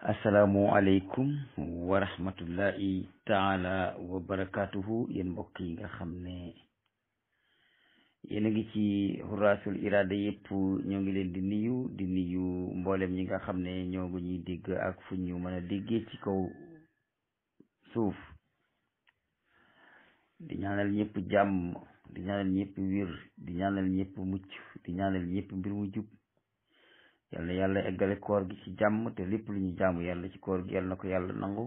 asalaamualeykum wa rahmatullahi taala wa barakaatuhu yéen mbokk yi nga xam ne yéen a ngi ci xuraasul iraada yëpp ñoo ngi leen di nuyu di nuyu mboolem ñi nga xam ne ñoo ngi ñuy dégg ak fu ñu mën a déggee ci kaw suuf di ñaanal ñëpp jàmm di ñaanal ñëpp wir di ñaanal ñëpp mucc di ñaanal ñëpp mbir mu jub yàlla yàlla eggale koor gi ci jàmm te lépp lu ñu jaamu yàlla ci koor gi yàlla na ko yàlla nangu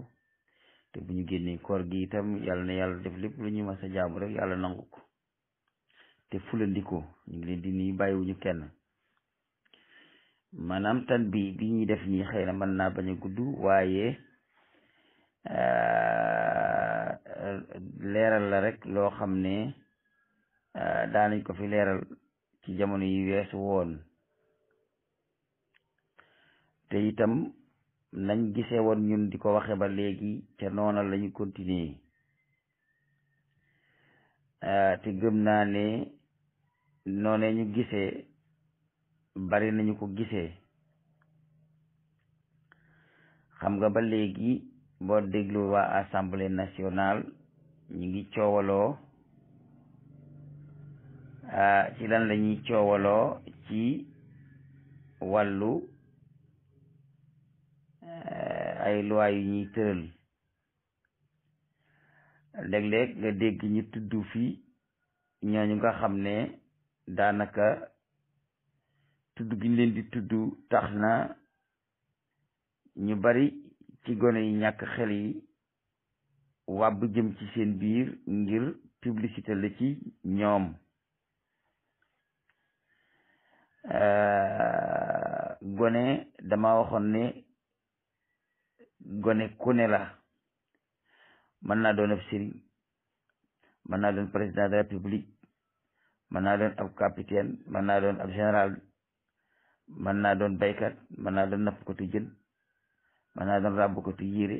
te bu ñu génnee koor gi itam yàlla na yàlla def lépp lu ñu mas a jaamu yàlla nangu te fulandiko ñu ngi leen di nuyu bàyyiwuñu kenn maanaam tan bi bi ñuy def nii xëy na mën naa bañ gudd waaye euh, leeral la rek loo xam ne euh, daanañ ko fi leeral ci jamono yi weesu woon te itam nañ gise woon ñun di ko waxe ba léegi te noona lañu continuer ah, te gëm naa ne noone ñu gisee bari nañu ko gisee xam nga ba léegi boo déglu waa assemblée nationale ñu ngi coowaloo ah, ci lan lañuy coowaloo ci wàllu ay loi yu ñuy tëral léeg-léeg nga dégg ñu tudd fi ñooñu nga xam ne daanaka tudd gi ñu leen di tudd tax na ñu bari ci gone yi ñàkk xel yi wàbb jëm ci seen biir ngir publicité la ci ñoom euh, gone dama waxoon ne gone ku ne la mën naa doon ab sëriñ mën naa doon président de la république mën naa doon ab capitaine mën naa doon ab général mën naa doon baykat mën naa doon nappkatu jën mën naa doon ràbbkatu yére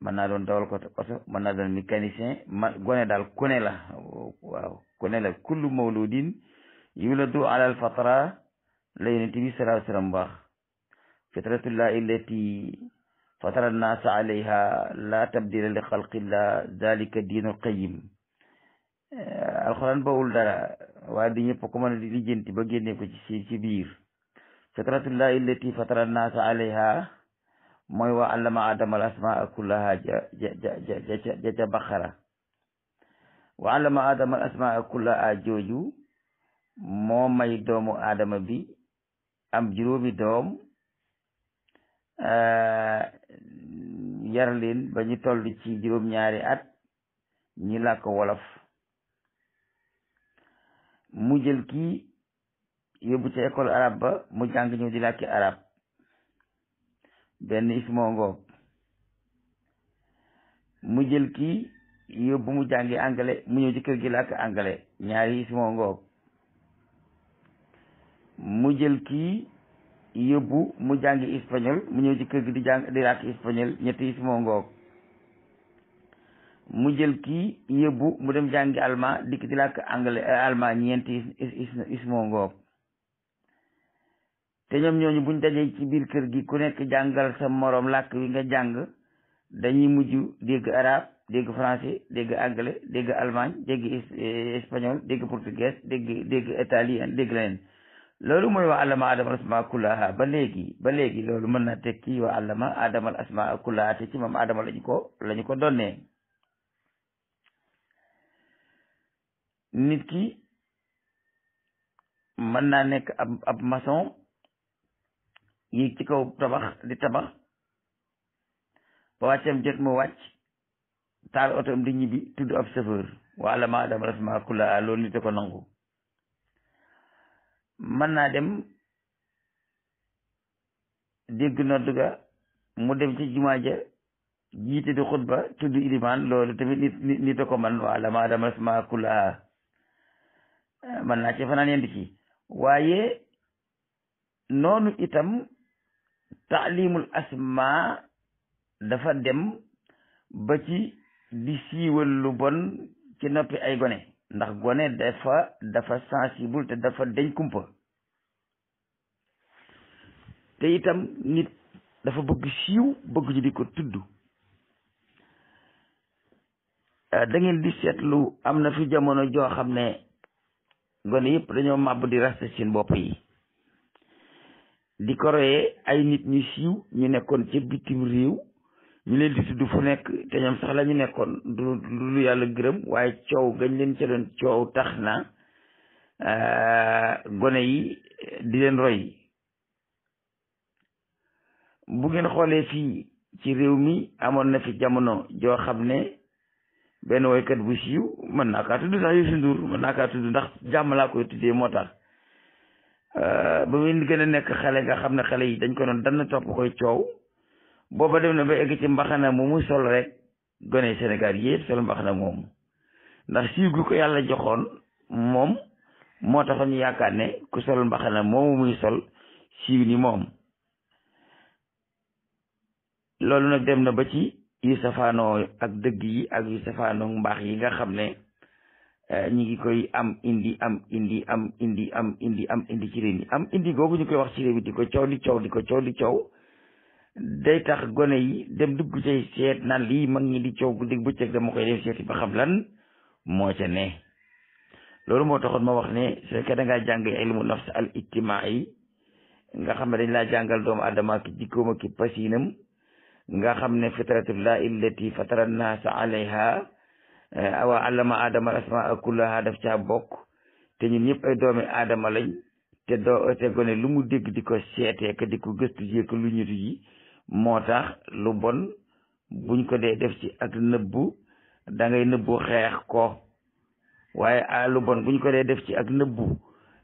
mën naa doon dawalkatu oto mën naa doon mécanicien ma gone daal ku la waaw ku ne la kullu mawludin yuladu ala al fatra la yonent bi sallallahu alayhi wa fatara naasa alayha la tabdila li xalqillah dalika diinul qayim alxuraan bawul dara waaye du ñëpp ko mën a lijjanti ba génne ko ci ci biir fikratullahi allati fatara naasa alayha mooy wa allama adama al asmaa kullaha ja ja ca baqara wa allama adama al asmaa kullaha jooju moo may doomu adama bi am juróomi doom Euh, yar leen ba ñu toll ci juróom-ñaari at ñi làkk wolof mu jël kii yóbbu ca école arabe ba mu jàng ñëw di làkki arab benn ismoo ngoog mu jël kii yóbbu mu jàngi anglais mu ñëw ci kër gi làkk anglais ñaari ismoo mu jël kii yóbbu mu jàngi espagnol mu ñëw ci kër gi di jàng di làkk espagnol ñetti is mu jël kii yóbbu mu dem jàngi allemand dikk di làkk anglais eh, allemand ñeenti is is moo te ñoom ñooñu buñ dajee ci biir kër gi ku nekk jàngal sa moroom làkk wi nga jàng dañuy mujj dégg arabe dégg français dégg anglais dégg allemagne dégg eh, espagnol dégg portugais dégg dégg italien dégg leneen loolu mooy wa allama adama al asmaa ba léegi ba léegi loolu mën na tekki wa allama adama al asmaa kullaha te ci moom adama lañu ko lañu ko donnee nit ki mën naa nekk ab ab maçon ci kaw tabax di tabax ba wàccam jot mu wàcc taal otoom di ñibbi tudd ab chauffeur wa allama adama al asmaa kullaha loolu nit a ko nangu mën naa dem dégg nodd ga mu dem ci jumaa ja jiite di xutba tudd ilimaan loolu tamit nit nit a man wala ma dama asma kulaha mën naa ci fanaan yend waaye noonu itam taalimul asma dafa dem ba ci di siiwal bon ci noppi ay gone ndax gone dafa dafa sensible te dafa deñ kumpa te itam nit dafa bëgg siiw bëgg ñu di ko tudd euh, da ngeen di seetlu am na fi jamono joo xam ne gone yëpp dañoo màbb di raste seen bopp yi di ko royee ay nit ñu siiw ñu nekkoon ca bitim réew ñu leen di tudd fu nekk te sax la ñu nekkoon du lu yàlla gërëm waaye coow gañ leen ca doon coow tax na euh, gone yi di leen roy bu ngeen xoolee fii ci réew mi amoon na fi jamono joo xam ne benn woykat bu siiw mën na kaa tudd sax Youssou Ndour mën naa kaa tudd ndax jàmm laa koy tuddee moo tax euh, ba muy gën a nekk xale nga xam ne xale yi dañ ko doon dann topp koy coow booba dem na ba egg mbaxana mu mu sol rek gone Sénégal yépp sol mbaxana moomu ndax siiw gi ko yàlla joxoon moom moo taxoon ñu yaakaar ne ku sol mbaxana moomu muy sol siiw ni moom loolu nag dem na ba ci yu safaanoo ak dëgg yi ak yu safaanoo mbaax yi nga xam ne eh, ñi ngi koy am indi am indi am indi am indi am indi ci réew mi am indi googu ñu koy wax ci réew mi di ko coow di ko coow di coow day tax gone yi dem dugg cay seet naan lii mag ñi di coow guddi bëccëg dama koy dem seeti ba xam lan moo ca ne loolu moo taxoon ma wax ne su fekkee da ngaa yi nga xam dañ laa jàngal doomu adama ki jikkoom ki pasiinam nga xam ne fitratullah illati fatara naasa alayha eh, awa allama adama al asmaa kullaha daf caa bokk te ñun ñëpp ay doomi adama lañ te doo te gone lu mu dégg di ko seetee ka di ko gëstu ji lu ñutu yi moo tax lu bon buñ ko dee def ci ak nëbbu da ngay nëbbu xeex ko waaye a lu bon buñ ko dee def ci ak nëbbu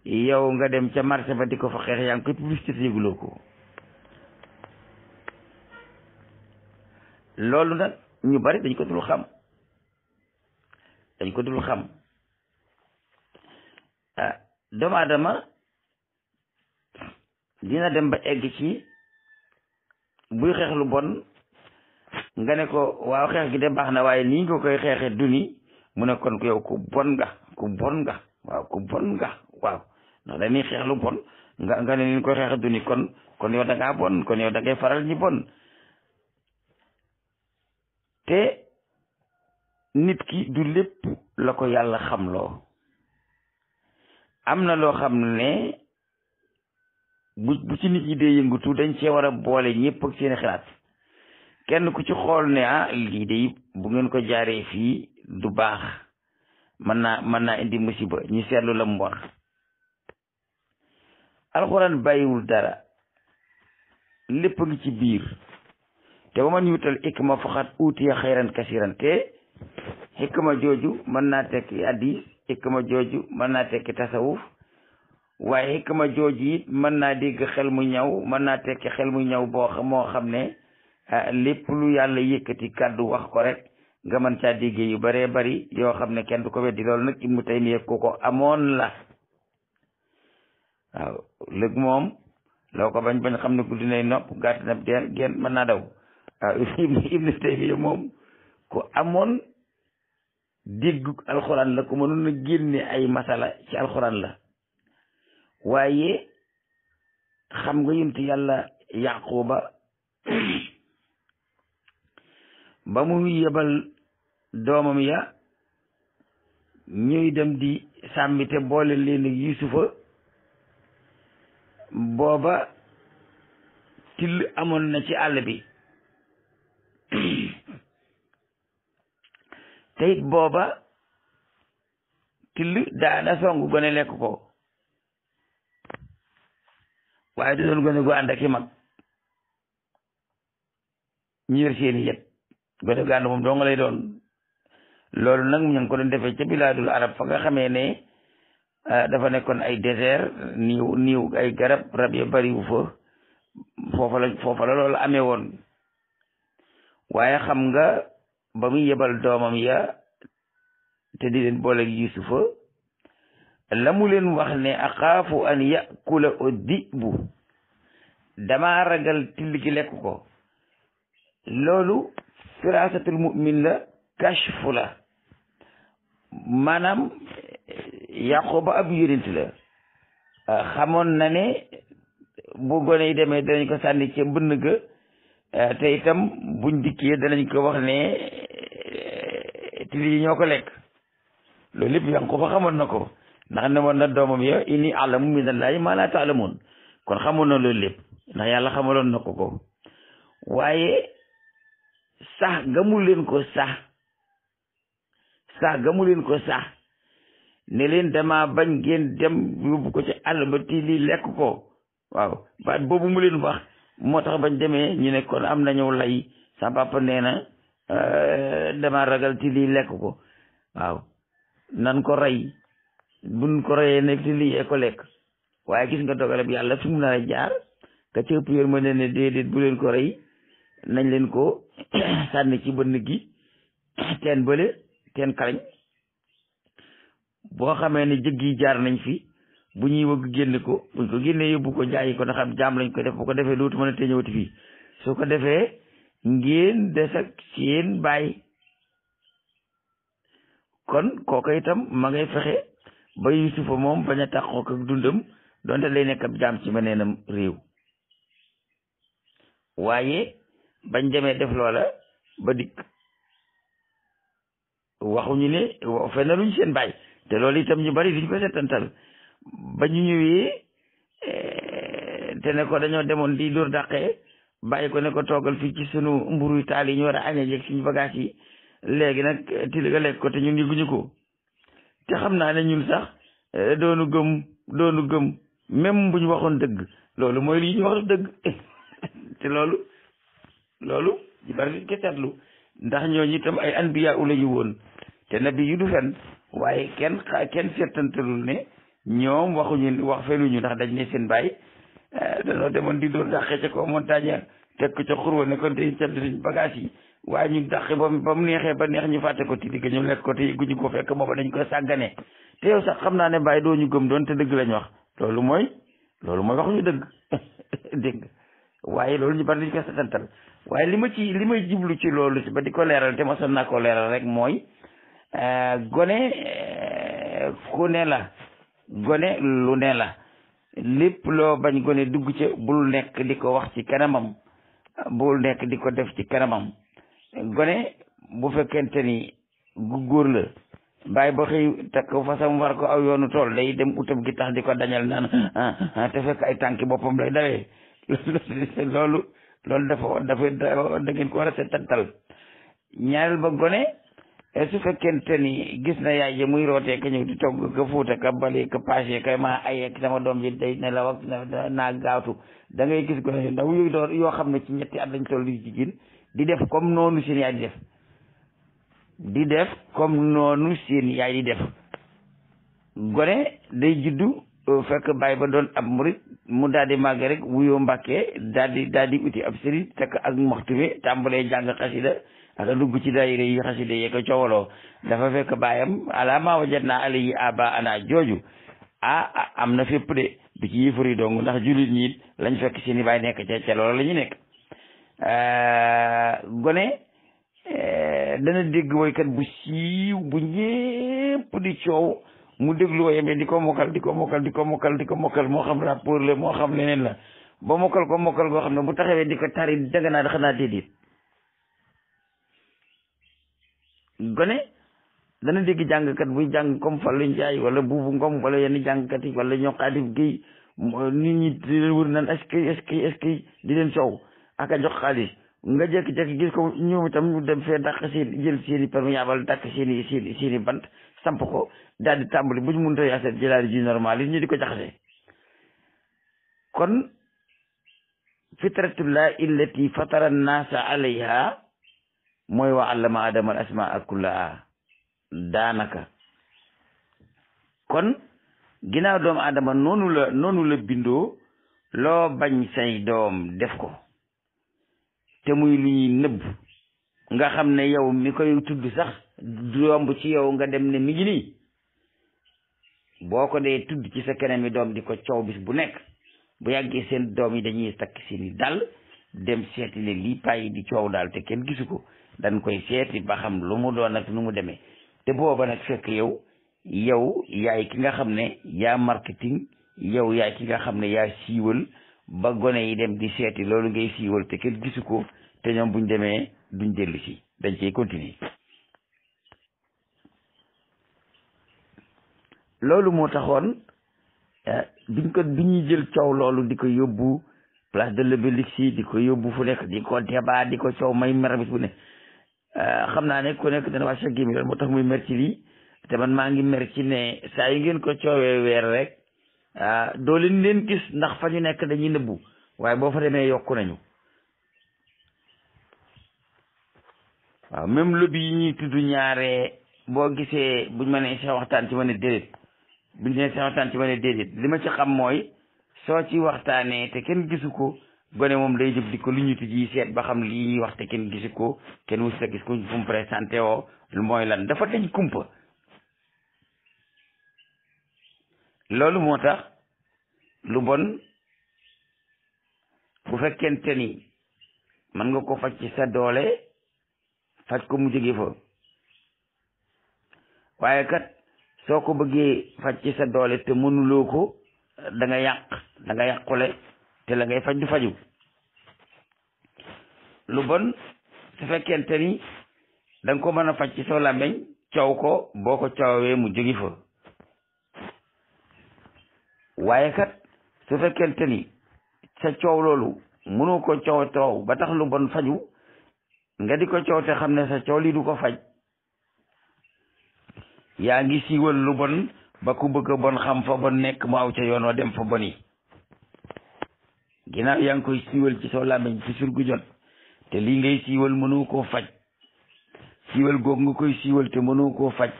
yow nga dem ca marché ba di ko fa xeex yaa ngi koy publicité yëguloo ko loolu nag ñu bari dañ ko dul xam dañ ko dul xam ah aadama dina dem ba egg ci buy xeex bon nga ne ko waaw xeex gi de baax na waaye nii nga koy xeexe du mu ne kon ko yow ku bon nga ku bon nga waaw ku bon nga waaw ndax dañuy xeex lu bon nga nga ne ni koy xeexe du ni kon kon yow da bon kon yow da faral ñi bon te nit ki du lépp la ko yàlla xamloo am na loo xam ne bu bu ci nit ñi dee yëngutu dañ cee war a boole ñëpp ak seen xalaat kenn ku ci xool ne ah lii de bu ngeen ko jaaree fii du baax mën na mën naa indi musiba ñu seetlu la mu war alxuraan bàyyiwul dara lépp ngi ci biir te ba man yuutal xikma faxat uutiya xayran kasiran te xikma jooju mën naa tekki addis xikma jooju mën naa tekki tasawuf waaye xikma jooju it mën naa dégg xel mu ñaw mën naa tekki xel mu ñaw boo moo xam ne ah, lépp lu yàlla yëkkati kàddu wax ko rek nga mën caa déggee yu baree bari yoo xam ne kenn du ko weddi loolu nag Ibnu Taymiya ku ko amoon la waaw lëg moom xam ne guddi nay nopp gàtt mën naa daw waaw Ibnu Taymiya moom ku amoon dégg alxuraan la ku mënoon a génne ay masala ci alxuraan la waaye xam nga yonent yàlla yàqu ba ba mu yebal doomam ya ñuy dem di sàmmi te boole leen ak yusufa booba till amoon na ci àll bi te it booba till daana songu gone lekk ko waaye du doon gone gu ànd ak i mag ñu yor seeni yet moom doo nga lay doon loolu nag ñu ngi ko doon defee ca bilaadul arab fa nga xamee ne ah, dafa nekkoon ay désert niiw niiw ay garab rab ya bariwu fa foofa la foofa amee woon waaye xam nga ba mu yebal doomam ya te di leen boole Yusufa lamuleen mu leen wax ne axaafu an yakula o dibu dama ragal till gi lekk ko loolu firaasatul mu'min la kashfu la maanaam yaqoba ab yonent la xamoon na ne bu gone yi demee danañ ko sànni ca bënn ga te itam buñ dikkee danañ ko wax ne till yi ñoo ko lekk loolu lépp yaqoba xamoon na ko ndax ne woon na doomam yow inni alamu minallahi ma la taalamun kon xamoon na loolu lépp ndax yàlla xamaloon na ko ko waaye sax gamu ko sax sax gamu ko sax ne leen dama bañ ngeen dem yóbbu ko ci àll ba ti lekk ko waaw baat boobu mu leen wax moo tax bañ demee ñu ne kon am nañu lay sa papa nee na euh, dama ragal ti lii lekk ko waaw nan ko rey buñ ko royee nekk ci lii ko lekk waaye gis nga dogalab yàlla fi mu nar a jaar ka ci ma ne ne déedéet bu leen ko rey nañ leen ko sànni ci bënn gi teen bële teen kalañ boo xamee ne jëg jaar nañ fi bu ñuy wëgg génn ko buñ ko génnee yóbbu ko jaayi ko ndax am jaam lañ ko def bu ko defee dootu mën a te ñëwati fii ko defee ngeen des ak seen bàyyi kon kooka itam ma fexe ba yusufa moom bañ a tàqook ak dundam donte lay nekk ab jaam ci meneenam réew waaye bañ demee def loola ba dikk waxuñu ne fenaluñ seen baay te loolu itam ñu bari duñ ko setantal ba ñu ñëwee eh, te demoon di dóor dàqee bàyyi ko ne ko toogal fii ci sunu mburu taal yi ñu war a añee jeeg suñu bagage yi léegi nag tili nga lekk ko te ñun yëguñu ko te xam naa ne ñun sax eh, doonu gëm doonu gëm même bu ñu waxoon dëgg loolu mooy li ñu wax dëgg te loolu loolu ñu bari nañu ko ndax ñooñu itam ay anbiya u la ñu woon te nabi yu du fen waaye kenn xa kenn seetantalul ne ñoom waxuñu wax fenuñu ndax dañ ne seen bàyyi eh, danoo demoon di doon dàqee ca ko montagne teg ko ca xurwa ne kon dañu seetlu suñu bagage yi waaye ñu tax ba ba mu neexee ba neex ñu fàtte ko ti digg ñu lekk ko te yëgguñu ko fekk booba dañ koy sàggane te yow sax xam naa ne bàyyi doo ñu gëm doon te dëgg lañ wax loolu mooy loolu mooy waxuñu dëgg dégg nga waaye loolu ñu bari dañ koy setantal waaye li ma ci li may jiblu ci loolu ci ba di ko leeral te mosoon naa koo leeral rek mooy euh, gone euh, ku ne la gone lu ne la lépp loo bañ gone dugg ci bul nekk di ko wax ci kanamam bul nekk di ko def ci kanamam gone bu fekkente ni gu góor la bàyyi ba xëy takk fasam war ko aw yoonu tool day dem utam gi tax di ko dañal naan ah, ah, te fekk ay tànki boppam lay dawee loolu loolu dafa dafa da ngeen ko war a seetantal ñaareel ba gone su fekkente ni gis na yaay ji muy rootee ka ñëw di togg ka fuuta ka bale ka paase ka ma ay sama doom ji day ne naa gaawtu da ngay gis gone yu ndaw yu yoo xam ne ci ñetti at lañ jigéen di def comme noonu seen yaay di def di def comme noonu seen yaay di def gone day juddu euh, fekk baay ba doon ab murit mu daal di màgg rek wuyoo mbàkkee daal di daal di uti ab sëriñ takk ak maxtume tàmbalee jàng xasida aka dugg ci daayira yi xasida yee ko coowaloo dafa fekk baayam ala maa wajat naa ala yi aba ana jooju ah am na fépp de du ci yëfari dong ndax jullit ñi lañ fekk seeni baay nekk ca ca loolu la ñu nekk Euh, gone euh, dana dégg woykat bu siiw bu ñépp di coow mu déglu woyam di ko mokkal di ko mokkal di ko mokkal di ko mokkal moo xam rapport la moo xam leneen la ba mokkal ko mokkal goo xam ne bu taxawee di ko tari danga naa xanaa déedéet gone dana dégg jàngkat buy jàng comme Fallou Ndiaye wala Boubou Ngom wala yenn jàngkat yi wala ñoqaatif Guèye nit ñi di leen wër naan est-ce que di leen coow aka jox xaalis nga jékki-jékki gis ko ñoom itam dem fee dàq seen jël seen i permis yabal dàq seen i bant samp ko daal di tàmbali bu ñu mënut a yaasal jëlaat ji normal yi ñu di ko jaxase kon fitratullah illati fatara naasa mooy wa allama adama al asmaa kullaha daanaka kon ginnaaw doomu adama noonu la noonu la bindoo loo bañ say doom def ko te muy lu ñuy nëbb nga xam ne yow mi koy tudd sax du yomb ci yow nga dem ne mi ngi nii boo ko dee tudd ci sa keneen mi doom di ko coow bis bu nekk bu yàggee seen doom yi dañuy takk seeni dal dem seeti ne lii pàyyi di coow daal te kenn gisu ko dañ koy seeti ba xam lu mu doon ak nu mu demee te booba nag fekk yow yow yaay ki nga xam ne yaa marketing yow yaay ki nga xam ne yaa siiwal ba gone yi dem di seeti loolu ngay siiwal te kenn gisu ko te ñoom buñ demee duñ dellu si dañ cey continuer loolu moo taxoon duñ eh, ko duñuy jël coow loolu di ko yóbbu place de l'Obélisque si di ko yóbbu fu nekk di ko débat di ko coow may mer bis bu ne eh, xam naa ne ku nekk dana wàcc sa gémmi moo tax muy mer ci lii te man maa ngi mer ne saa yi ngeen ko coowee weer rek Ah, doo leen leen gis ndax fa ñu nekk dañuy nëbbu waaye boo fa demee yokk nañu waaw même lobby yi ñuy tudd ñaare boo gisee buñ ma nee sa waxtaan ci ma ne déedéet buñ nee sa waxtaan ci ma ne déedéet li ma ci xam mooy soo ci waxtaanee te kenn gisu ko gone moom day jóg di ko lu ñu tijji seet ba xam lii ñuy wax te kenn gisu ko kenn wus la gis ko fu mu présenté woo lu mooy lan dafa dañ kumpa loolu moo tax lu bon bu fekkente ni mën nga koo faj ci sa doole faj ko mu jóge fa waaye kat soo ko bëggee faj ci sa doole te mënuloo ko da nga yàq da te la ngay faj du faju lu bon su fekkente ni da ko mën a faj ci soo làmmeñ coow ko boo ko coowee mu jóge fa waaye kat su fekkente ni sa coow loolu mënoo ko coow toow ba tax lu bon faju nga di ko coow te xam ne sa coow lii du ko faj yaa ngi siiwal lu bon ba ku bëgg a bon xam fa bon nekk mu aw ca yoon wa dem fa bon yi ginnaaw yaa ngi koy siiwal ci soo làmmiñ ci surgu jot te lii ngay siiwal mënoo koo faj siiwal goog nga koy siiwal te mënoo koo faj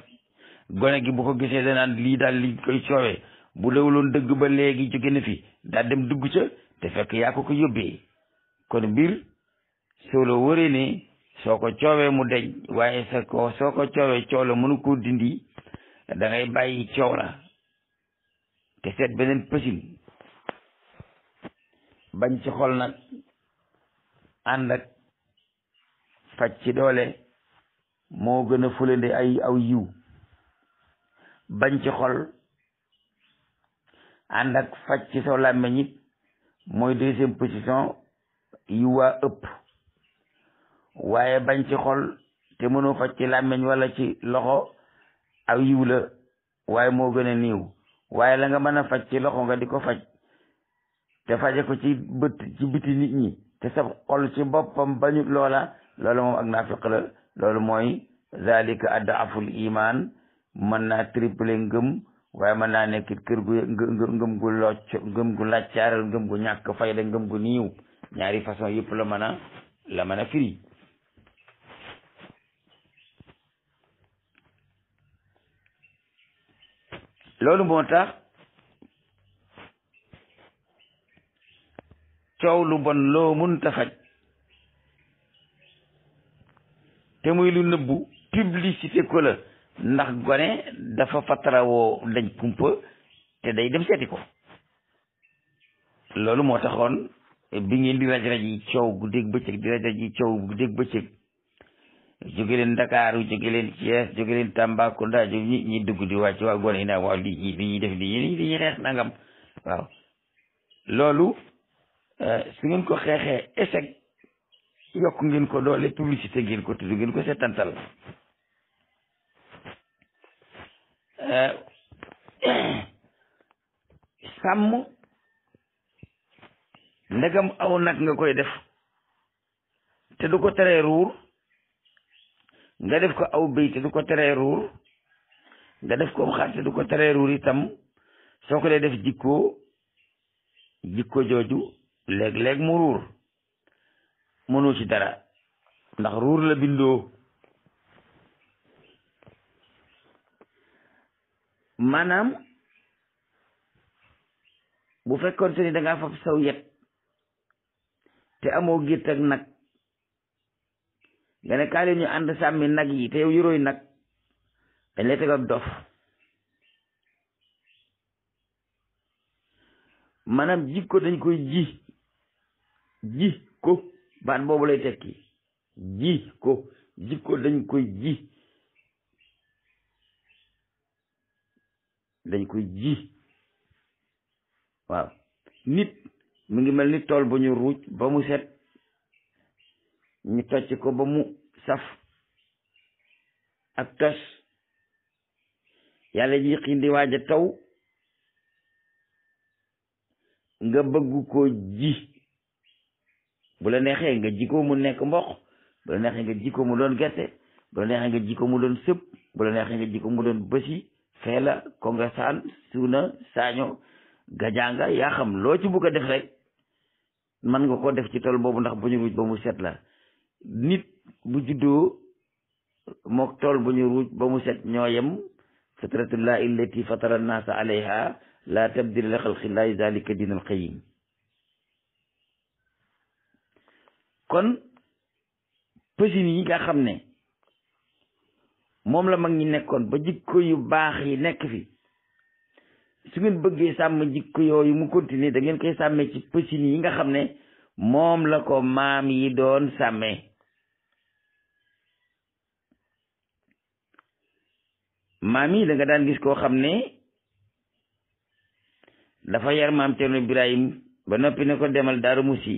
gone gi bu ko gisee danaan lii daal li koy coowee bu dawuloon dëgg ba léegi jóge na fi daa dem dugg ca te fekk yaa ko ko yóbbee kon mbir soo la wëree ne soo ko coowee mu deñ waaye ko soo ko coowee coow la mënu koo dindi da ngay bàyyi coow la te seet beneen pësin bañ ci xol nag ànd ak faj ci doole moo gën a fulande ay aw yiw bañ ci xol ànd ak ci sa làmmiñ it mooy deuxième position yi waa ëpp waaye bañ ci xol te mënoo faj ci làmmiñ wala ci loxo aw yiw la waaye moo gën a néew waaye la mën a faj ci loxo nga di ko faj te ci bët ci biti nit ñi te sa xol ci boppam bañu loola loolu moom ak naafiq la loolu mooy zalika mën naa triple ngëm waaye mën naa nekk kër gu ngëm gu locc ngëm gu laccaaral ngëm gu ñàkk fayda ngëm gu niiw ñaari façon yëpp la mën a la mën a firi loolu moo tax coow lu bon loo mënta faj te muy lu nëbbu publicité ko la ndax gone dafa fatarawoo dañ kumpa te day dem seeti ko loolu moo taxoon bi ngeen di raj raj yi coow guddeeg bëccëg di raj raj yi coow guddeeg bëccëg jóge leen Ndakaaru jóge leen Thiès jóge leen Tambacounda jóge ñi ñi dugg di ci waa gone yi naa waaw li ñi li ñuy def li ñi li ñuy xeex nangam waaw loolu euh, su ngeen ko xeexee échec yokk ngeen ko doole publicité ngeen ko tudd ngeen ko seetantal Eh, sàmm ndegam aw nag nga koy def te du ko teree ruur nga def ko aw béy te ko teree ruur nga def ko xar te ko teree ruur itam soo ko dee def jikko jikko jooju léeg-léeg mu ruur mënoo ci dara ndax ruur la bindoo maanaam bu fekkoon te ni da ngaa fab saw yet te amoo gitt ak nag nga ne kaa leen ñu ànd sàmmi nag yi te yow yuróoy nag dañ lay teg ab dof maanaam jikko dañ koy ji ji ko baat boobu lay tekki ji ko jikko dañ koy ji dañ koy ji waaw nit mu ngi mel ni tool ba ñu ruuj ba mu set ñu tocc ko ba mu saf ak tos yàlla ji xindi waaj taw nga bëgg ko ji bu la neexee nga jikoo mu nekk mboq bu la neexee nga ji ko mu doon gerte bu la neexee nga ji ko mu doon sëb bu la neexee nga ji ko mu doon bësi Fela Kongasaan Suuna Saaño Gajanga yaa xam loo ci bugg a def rek mën nga koo def ci tool boobu ndax bu ñu ruuj ba mu set la nit bu juddoo mook tool ba ñu ruuj ba mu set ñoo yem fatratullahi allati fatara annaasa alayha la tabdila li xalqillahi kon pësin yi nga xam ne moom la mag ñi nekkoon ba jikko yu baax yi nekk fi su ngeen bëggee sàmm jikko yooyu mu continuer da koy sàmmee ci nga xam ne moom la ko maam yi doon sàmmee maam yi da nga daan gis koo xam ne dafa yar maam Cerno Ibrahim ba noppi ne ko demal Daaru Musi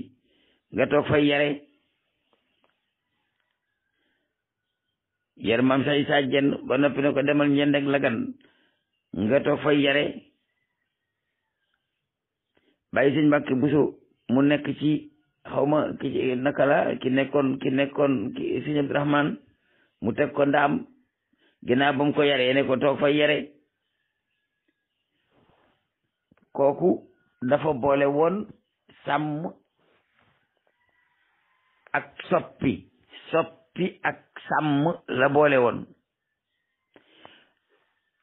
nga toog fay yare yar maam Cheikh Issa Dieng ba noppi ne ko demal njënd ak lagan nga toog fay yare bàyyi sëñ Mbàkke Buso mu nekk ci xawma ki naka la ki nekkoon ki nekkoon ki sëñ Abdourahman mu teg ko ndaam ginnaaw ba mu ko yaree ne ko toog fa yare kooku dafa boole woon sàmm ak soppi soppi soppi ak sàmm la boole woon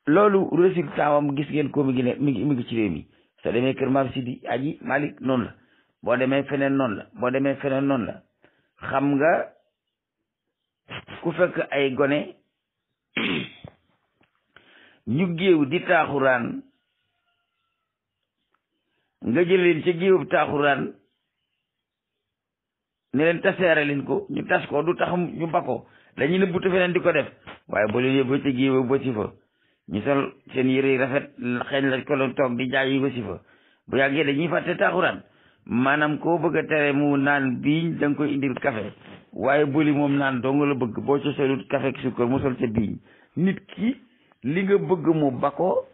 loolu résultat wam gis ngeen ko mi ngi ne mi ngi ci réew mi soo demee kër maam Sidi Aji Malik noon la boo demee feneen noon la boo demee feneen noonu la xam nga ku fekk ay gone ñu géew di taaxuraan nga jël leen ca géewub taaxuraan ne leen taseere leen ko ñu tas ko du tax ñu bakko dañuy nëbbutu feneen di ko def waaye ba léegi ba ci géew ba ci fa ñu sol seen yëre yi rafet xeeñ la ko doon toog di jaay yi ba si fa bu yàggee dañuy fàtte taaxuraan maanaam koo bëgg a tere mu naan biiñ da koy indil café waaye bëli moom naan doo dong la bëgg boo ci solut café ak ko mu sol sa biiñ nit ki li nga bëgg mu bakko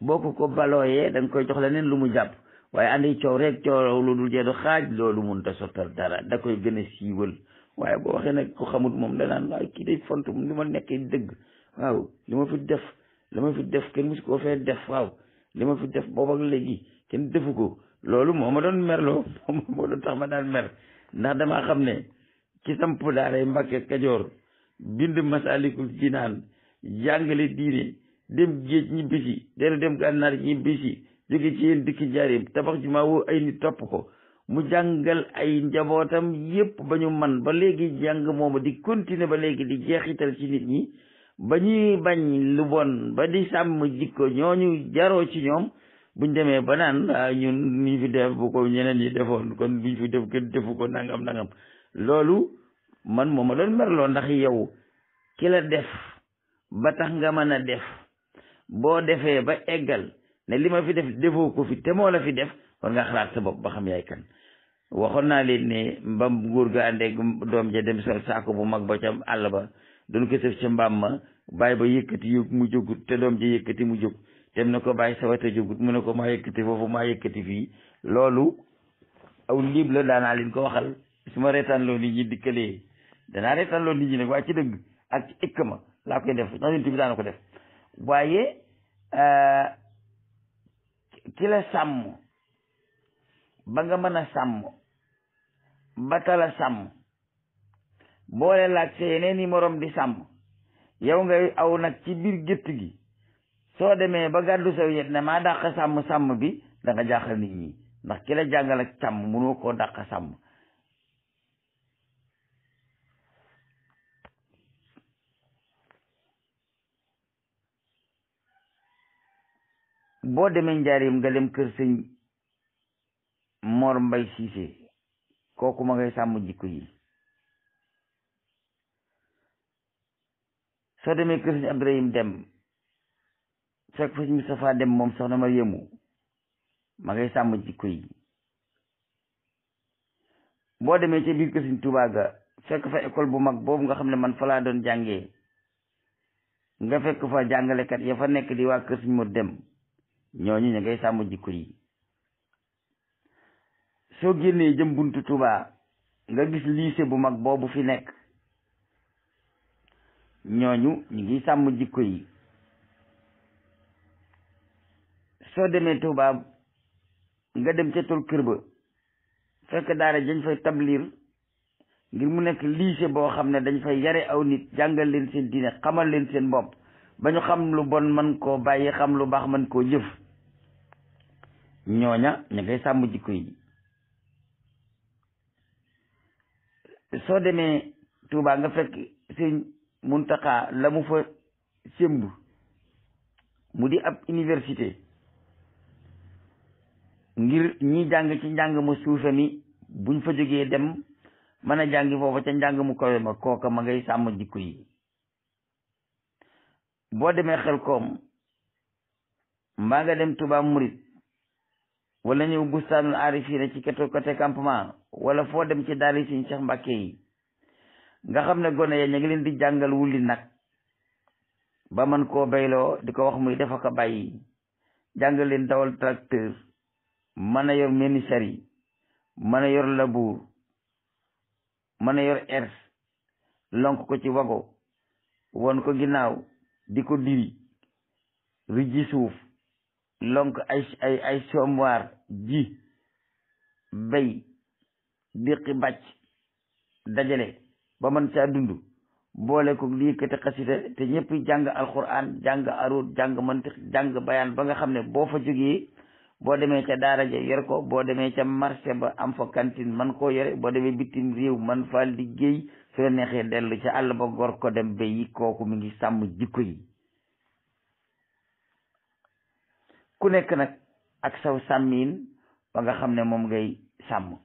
boo ko ko balooyee da koy jox leneen lu mu jàpp waaye andi coow rek coow lu dul jeedu xaaj loolu mënut a sottal dara da koy gën a siiwal waaye boo waxee nag ku xamut moom danaan waaye kii day font li ma nekkee dëgg waaw li ma fi def li fi def kenn musu koo fee def waaw li ma fi def boobu ak léegi kenn defu ko loolu moo ma doon mer loo moo doon tax ma daan mer ndax damaa xam ne ci samp daaray Mbàkke Kajoor bind Masaalikul Jinaan jàngale diine dem géej ñibbisi dellu dem gànnaar ñibbisi jóge ci yéen dikki njaareem tabax jumaa woo ay nit topp ko mu jàngal ay njabootam yépp ba ñu man ba léegi jàng moomu di continuer ba léegi di jeexital ci nit ñi ba ñuy bañ lu bon ba di sàmm jikko ñooñu jaroo ci ñoom buñ demee ba naan ah, ñun fi def bu ko ñeneen ñi defoon kon buñ fi def kenn defu ko nangam nangam loolu man mooma doon merloo ndax yow ki la def ba tax nga mën a def boo defee ba eggal ne li ma fi def defoo ko fi te moo la fi def war nga xalaat sa bopp ba xam yaay kan waxoon naa leen ne mbam góor ga àndee doom ja dem sol saako bu mag ba ca àll ba doon ko sëf ca mbaam ma bàyyi ba yëkkati yu mu jógut te doom ja yëkkati mu jóg dem na ko bàyyi sa wata jógut mu ne ko maa yëkkati foofu maa yëkkati fii loolu aw liib la daanaa leen ko waxal su ma reetaan loo nit ñi dikkalee danaa reetaan loo nit ñi nag waaye ci dëgg ak ci ikk ma laa koy def ndax bi ko def euh, ki sàmm ba nga mën a sàmm ba tala sàmm boole laaj sa yeneen yi moroom di sàmm yow ngay aw nag ci biir gétt gi soo demee ba gàddu sa wet ne maa dàq sàmm sàmm bi da nga nit ñi ndax ki la jàngal ak sàmm mënoo koo dàq sàmm boo demee njaarim nga dem kër sëñ Mor Mbay Siise kooku ma ngay sàmm jikko yi soo demee kër sëñ dem fekk fa sëñ Moustapha dem moom soxna ma yëmu ma ngay sàmm jikko yi boo demee ci biir kër sëñ Tuubaa ga fekk fa école bu mag boobu nga xam ne man fa doon jàngee nga fekk fa jàngalekat ya fa nekk di waa kër sëñ dem ñooñu ñu ngay sàmm jikko yi soo génnee jëm buntu Tuuba nga gis lycée bu mag boobu fi nekk ñooñu ñu ngi sàmm jikko yi soo demee Tuuba nga dem ca tool kër ba fekk daara dañ fay tablir ngir mu nekk lycée boo xam ne dañ fay yare aw nit jàngal leen seen diine xamal leen seen bopp ba ñu xam lu bon man koo bàyyi xam lu baax man koo jëf ñooña ña ngay sàmm jikko yi soo demee Tuubaa nga fekk sëñ Muntaxa la mu fa sëmb mu di ab université ngir ñi jàng ci njàng ma suufe mi buñ fa jógee dem man a jàngi foofa ca njàng mu kawe ma kooka ma ngay sàmm jikko yi boo demee xel koom mbaa dem tubaab Mouride wala ñëw bustaanul arifina ci keto côté wala foo dem ci daari siñ Cheikh Mbàkke yi nga xam ne gone ya ñu ngi leen di jàngal wulli nag ba man koo bayloo di ko wax muy defa ko bay jàngal leen dawal tracteur mën a yor meni sari mën a yor labour mën a yor ers lonk ko ci wago won ko ginnaaw di ko diri rijji suuf lonk ay ay ay ji bay diqi bàcc dajale ba mën caa dund boole ko lii kati xasida te ñëpp jàng alquran jàng aroot jàng mantiq jàng bayaan ba nga xam ne boo fa jógee boo demee ca daara ja yor ko boo demee ca marché ba am fa cantine man koo yore boo demee bitim réew man fa liggéey su la neexee dellu ca àll ba gor ko dem ba yi kooku mu ngi sàmm jikko yi ku nekk nag ak saw sàmmiin ba nga xam ne moom ngay sàmm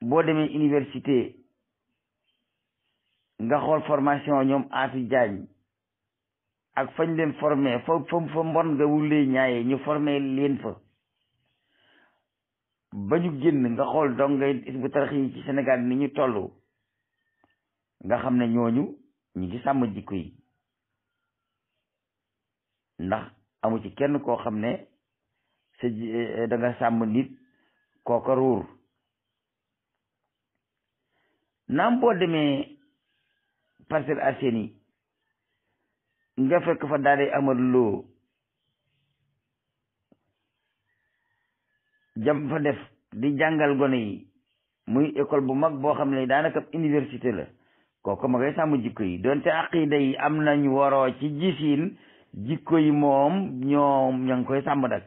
boo demee université nga xool formation ñoom Afi Jaañ ak fañ leen formé fa fa fa nga wulee ñaaye ñu formé leen fa ba ñu génn nga xool dongay Hizbut Tarqiyyah yi ci Sénégal ni ñu toll nga xam ne ñooñu ñu ngi sàmm jikko yi ndax amu ci kenn koo xam ne sa eh, da sàmm nit kooka ruur naam boo demee Parcelles Assainies nga fekk fa daal di amal loo jam fa def di jàngal gone yi muy école bu mag boo xam ne daanaka université la kooku ma ngay sàmm jikko yi donte aqida yi am na ñu waroo ci gisiin jikko yi moom ñoom ña ngi koy sàmm nag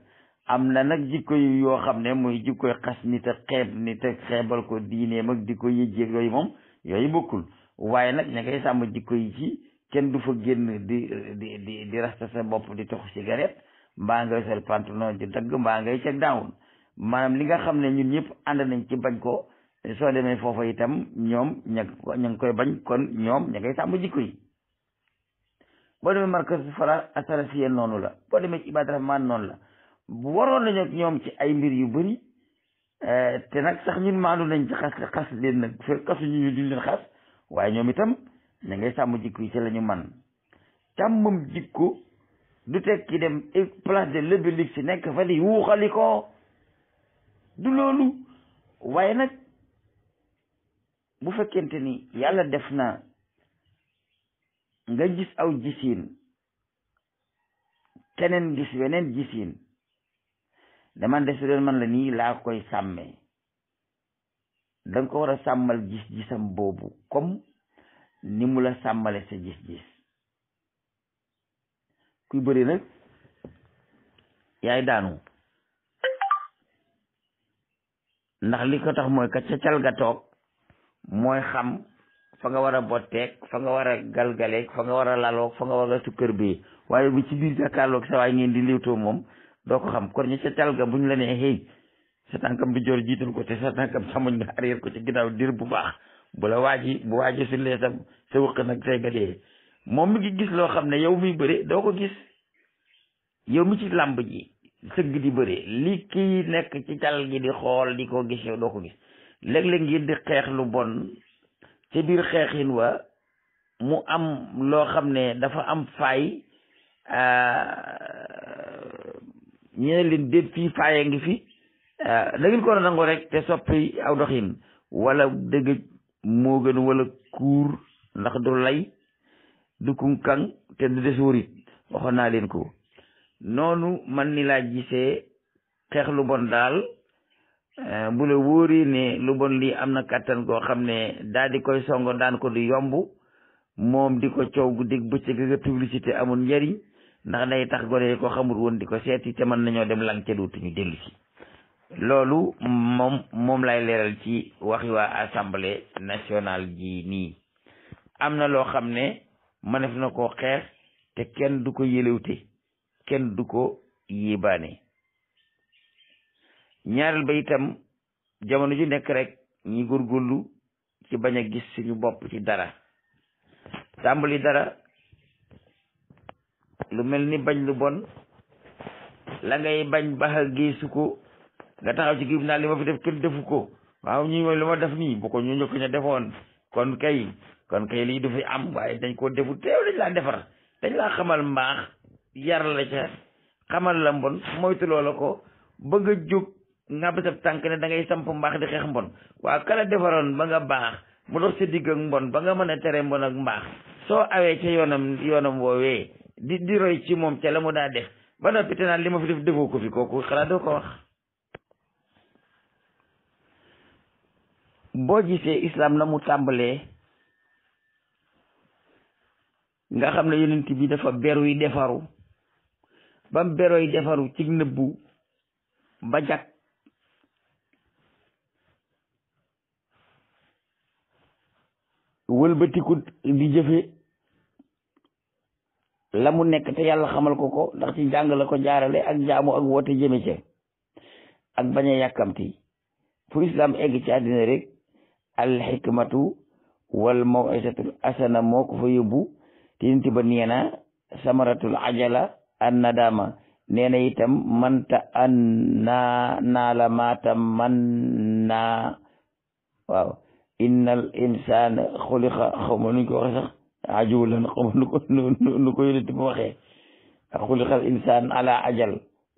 am na nag jikko yu yoo xam ne muy jikkoy xas nit a xeeb nit a xeebal ko diineem ak di ko yëjjeeg yooyu moom yooyu bokkul waaye nag ña ngay sàmm jikko yi ci kenn du fa génn di di di di rasta sa bopp di tox cigarette mbaa ngay sol pantalon ji dagg mbaa ngay ceg daawun maanaam li nga xam ne ñun ñëpp ànd nañ ci bañ ko soo demee foofa itam ñoom ña ña koy bañ kon ñoom ña ngay sàmm jikko yi noonu la boo demee ci Ibaadu noonu la waroon nañu ak ñoom ci ay mbir yu bëri eh, te nag ñu duñ leen xas waaye ñoom itam ña ngay sàmm jikko yi ñu man sàmmam jikko du tekki dem place de l'Obélisque nekk fa di wuuxali ko du loolu waaye nag bu fekkente ni yàlla def na nga gis aw gisiin keneen gis weneen gisiin dama defe doon man la nii laa koy sàmmee danga ko war a sàmmal gis-gisam boobu comme ni mu la sàmmale sa gis-gis kuy bëri nag yaay daanu ndax li ko tax mooy ka ca cal toog mooy xam fa nga war a botteeg fa nga war a galgaleeg fa nga war a laloog fa nga war a sukkër bi waaye bu ci biir jàkkaarloog sa waay ngeen di liwtoo moom doo ko xam kon ñi ca cal bu ñu la nee xëy sa tànkam bi joor jiital ko te sa tànkam samuñ nga arrière ko ci ginnaaw dir bu baax bu la waaji bu waaji su lee sa sa wëq nag say nga dee moom mi ngi gis loo xam ne yow miy bëri doo ko gis yow mi ci làmb ji sëgg di bëree li kii nekk ci cal gi di xool di ko gis yow doo ko gis léeg-léeg ngeen di xeex lu bon ci biir xeexin wa mu am loo xam ne dafa am faay euh, ñu ne leen déet fii faaye ngi fi euh, da ngeen ko war rek te soppi aw doxin wala dëgg moo gën wala kuur ndax du lay du kunkang te du des warit waxoon naa leen ko noonu man ni laa gisee xeex lu bon daal eh, bu la wóoree ne lu bon lii am na kàttan goo xam ne daal di koy song daan ko du yomb moom di ko coow guddeeg bëccëg nga publicité amul njariñ ndax day tax gone yi ko xamul woon di ko seeti te mën nañoo dem lang ca dootuñu dellu loolu moom lay leeral ci waxi waa assemblée nationale ji nii am na loo xam ne mënef na koo xeex te kenn du ko yëlewte kenn du ko yéebaane ñaareel ba itam jamono ji nekk rek ñi góorgóorlu ci bañ a gis suñu bopp ci dara tàmbali dara lu mel ni bañ lu bon la ngay bañ baxa géesu ko nga taxaw ci gib naa fi def kenn defu ko waaw ñi mooy def nii bu ko ñu ñëkk defoon kon kay kon kay lii du fi am waaye dañ koo defu teew dañ dañ laa xamal mbaax yar la ca xamal la mbon moytu loola ko bëgg a jóg ngàbb sa tànk ne da ngay samp mbaax di xeex mbon waa kala defaroon ba nga baax mu dox sa digg ak mbon ba nga mën a tere mbon ak mbaax soo awee ca yoonam yoonam woowee di di roy ci moom ca la mu daa def ba noppi te naan li ma fi def defoo ko fi kooku xalaat doo ko wax boo gisee islam na mu tàmbalee nga xam ne yonent bi dafa beru yi defaru bam beroy defaru ci nëbbu ba jag wëlbatiku di jëfe la mu nekk te yàlla xamal ko ko ndax ci jàng la ko jaarale ak jaamu ak woote jëme ca ak bañ a yàkkamti pour islam egg ci rek al xikmatu wal mawisatul asana moo ko fa yóbbu tinti ba neena samaratul ajala an nadama nee na itam manta an naa naala maata waaw innal insana xuliqa xawma ko waxe sax ajulan xawma nu ko nu ko yonent ba waxee xuliqal insan ala ajal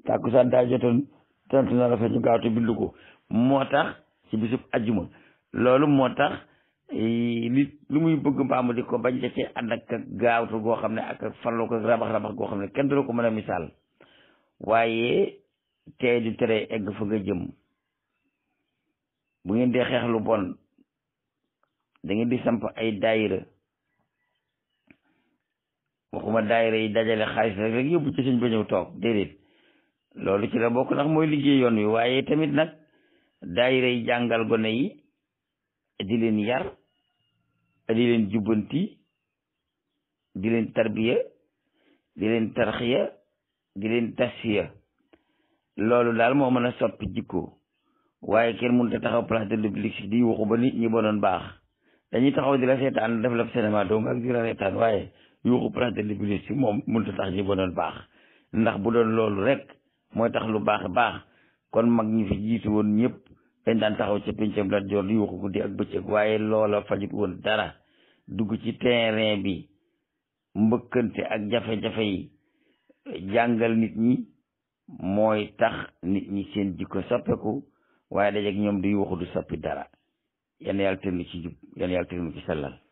tàkkusaan daa jotoon tontu na rafet ñu gaawte bindu ko moo tax ci bisub ajuma li eh, lu muy bëgg mbaamu di ko bañ da cee ànd ak gaawtu goo xam ne ak ak farlu ko rabax-rabax goo ne kenn du la ko mën a misaal waaye tey du tere bu ngeen dee xeex lu bon dangeen di samp ay daayira waxuma daayira yi dajale xaalis rek rek yóbbu ci suñ ba ñëw toog déedéet loolu ci la bokk ndax mooy liggéey yoon wi waaye tamit nag daayira jàngal gone yi di leen yar di leen jubbanti di leen tarbiya di leen tarxiya di leen tasfiya loolu daal moo mën a soppi jikko waaye kenn mun ta taxaw place de l'Obélisque di waxu ba nit ñi ba doon baax dañuy taxaw di la seetaan def la cinéma dong ak di la reetaan waaye yuuxu place de l'Obélisque moom mënut a tax ñi ba doon baax ndax bu doon loolu rek mooy tax lu baax baax kon mag ñi fi jiitu woon ñëpp dañ daan taxaw ca pincam Lat Joor di yuuxu guddi ak bëccëg waaye loola fajut woon dara dugg ci terrain bi mbëkkante ak jafe-jafe yi jàngal nit ñi mooy tax nit ñi seen jikko soppeku waaye dajeeg ñoom di yuuxu du soppi dara yan yàlla teg ci jub yan yàlla ci sellal